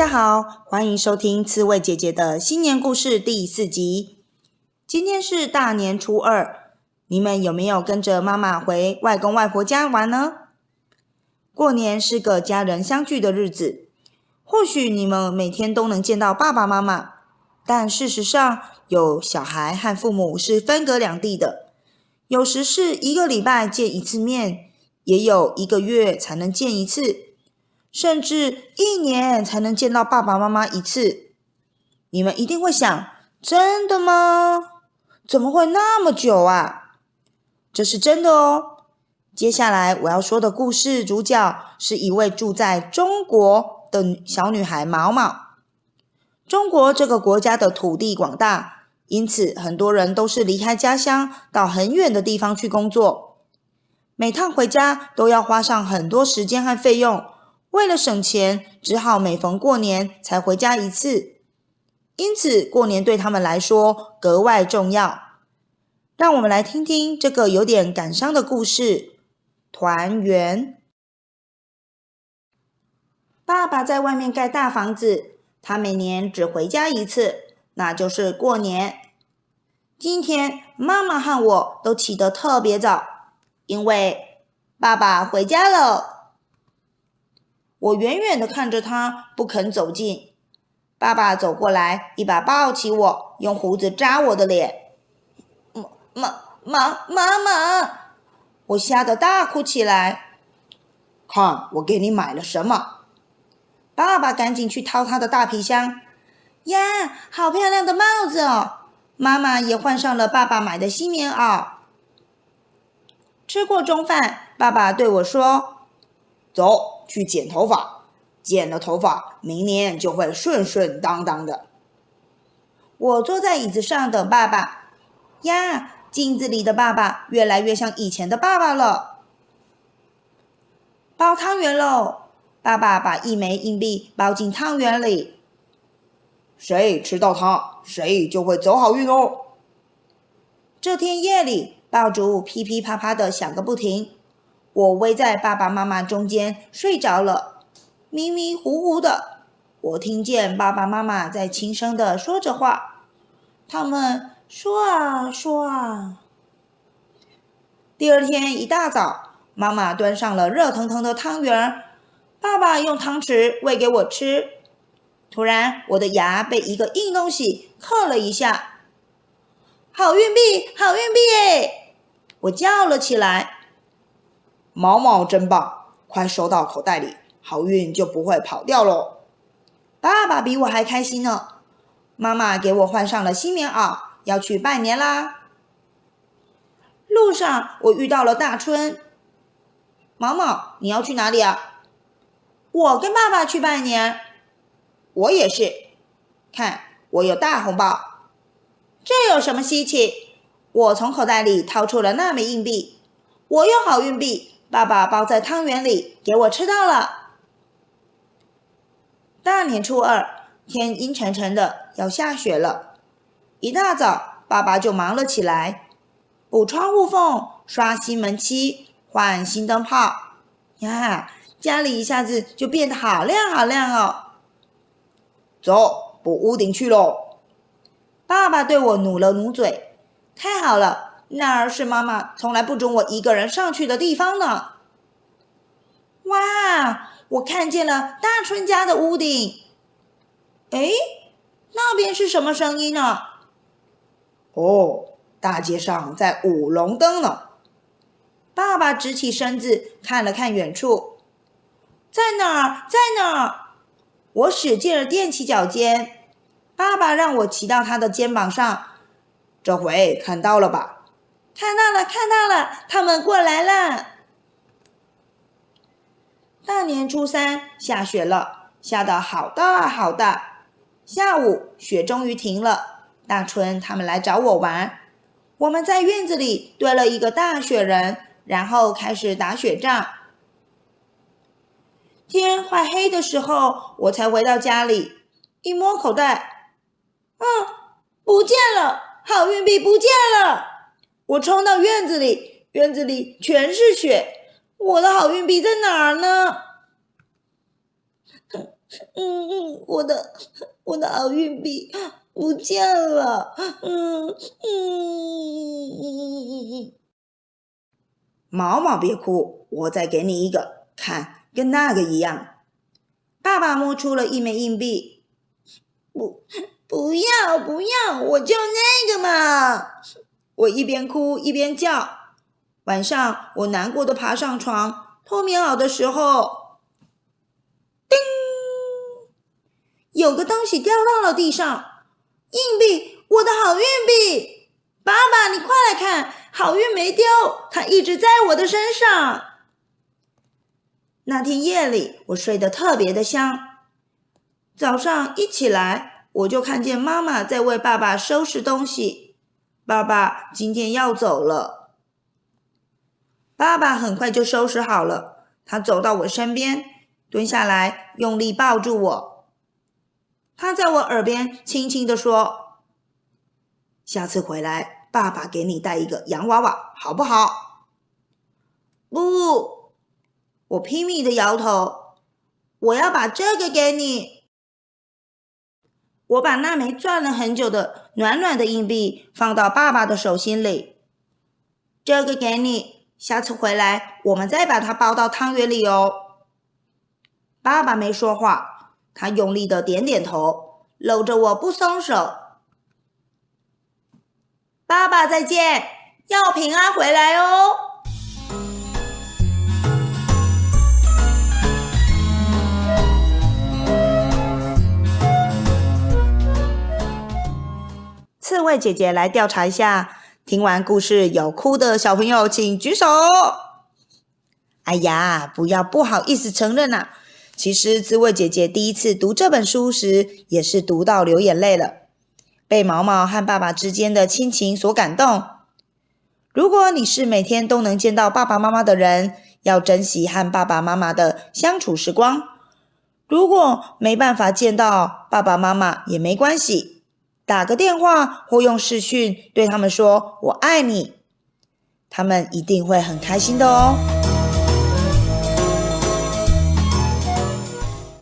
大家好，歡迎收聽刺蝟姐姐的新年故事第四集。今天是大年初二，你們有沒有跟着媽媽回外公外婆家玩呢？過年是個家人相聚的日子。或許你們每天都能見到爸爸媽媽，但事實上，有小孩和父母是分隔兩地的。有時是一個禮拜見一次面，也有一個月才能見一次。甚至一年才能見到爸爸媽媽一次，你們一定會想：真的嗎？怎麼會那麼久啊？這是真的哦。接下來我要說的故事主角是一位住在中國的小女孩毛毛。中國這個國家的土地廣大，因此很多人都是離開家鄉到很遠的地方去工作，每趟回家都要花上很多時間和費用。為了省錢，只好每逢過年才回家一次，因此過年對他們來說格外重要。讓我們來聽聽這個有點感傷的故事——團圓。爸爸在外面蓋大房子，他每年只回家一次，那就是過年。今天，媽媽和我都起得特別早，因為爸爸回家了。我遠遠地看着他，不肯走近。爸爸走過來，一把抱起我，用鬍子扎我的臉。媽媽媽媽媽，我嚇得大哭起來。看，我給你買了什麼？爸爸趕緊去掏他的大皮箱。呀，好漂亮的帽子哦！媽媽也換上了爸爸買的新棉襖。吃過中飯，爸爸對我說：“走。”去剪頭髮，剪了頭髮，明年就會順順當當的。我坐在椅子上等爸爸呀，鏡子裡的爸爸越來越像以前的爸爸了。包湯圓嘍！爸爸把一枚硬幣包進湯圓裡，誰吃到它，誰就會走好運哦。這天夜裡，爆竹噼噼啪啪的響個不停。我偎在爸爸媽媽中間睡着了，迷迷糊糊的，我聽見爸爸媽媽在輕聲的說着話，他們說啊說啊。第二天一大早，媽媽端上了熱騰騰的湯圓兒，爸爸用湯匙餵給我吃。突然，我的牙被一個硬東西磕了一下，好運幣，好運幣耶！我叫了起來。毛毛真棒，快收到口袋裡，好運就不會跑掉嘍。爸爸比我還開心呢。媽媽給我換上了新棉襖，要去拜年啦。路上我遇到了大春，毛毛，你要去哪裡啊？我跟爸爸去拜年。我也是，看我有大紅包。這有什麼稀奇？我從口袋裡掏出了那枚硬幣，我有好運幣。爸爸包在湯圓裡給我吃到了。大年初二，天陰沉沉的，要下雪了。一大早，爸爸就忙了起來，補窗戶縫、刷新門漆、換新燈泡。呀，家裡一下子就變得好亮好亮哦！走，補屋頂去嘍！爸爸對我努了努嘴，太好了。那兒是媽媽從來不准我一個人上去的地方呢。哇，我看見了大春家的屋頂。哎，那邊是什麼聲音呢？哦，大街上在舞龍燈呢。爸爸直起身子看了看遠處，在哪兒，在哪兒？我使勁兒踮起腳尖，爸爸讓我騎到他的肩膀上。這回看到了吧？看到了，看到了，他們過來了。大年初三下雪了，下得好大、啊、好大。下午雪終於停了，大春他們來找我玩，我們在院子裡堆了一個大雪人，然後開始打雪仗。天快黑的時候，我才回到家裡，一摸口袋，嗯，不見了，好運幣不見了。我衝到院子裡，院子裡全是雪。我的好運幣在哪兒呢？嗯嗯，我的我的好運幣不見了。嗯嗯嗯嗯。毛毛別哭，我再給你一個，看跟那個一樣。爸爸摸出了一枚硬幣。不不要不要，我就那個嘛。我一邊哭一邊叫，晚上我難過地爬上床，脫棉襖的時候，叮，有個東西掉到了地上，硬幣，我的好運幣，爸爸，你快來看，好運沒丟，它一直在我的身上。那天夜裡我睡得特別的香，早上一起來我就看見媽媽在為爸爸收拾東西。爸爸今天要走了。爸爸很快就收拾好了，他走到我身邊，蹲下來，用力抱住我。他在我耳邊輕輕地說：“下次回來，爸爸給你帶一個洋娃娃，好不好？”不，我拼命的搖頭。我要把這個給你。我把那枚攥了很久的暖暖的硬幣放到爸爸的手心裡，這個給你，下次回來我們再把它包到湯圓裡哦。爸爸沒說話，他用力的點點頭，摟着我不鬆手。爸爸再見，要平安回來哦。刺蝟姐姐來調查一下，聽完故事有哭的小朋友請舉手。哎呀，不要不好意思承認吶啊！其實刺蝟姐姐第一次讀這本書時也是讀到流眼淚了，被毛毛和爸爸之間的親情所感動。如果你是每天都能見到爸爸媽媽的人，要珍惜和爸爸媽媽的相處時光。如果沒辦法見到爸爸媽媽也沒關係。打個電話或用視訊對他們說“我愛你”，他們一定會很開心的哦。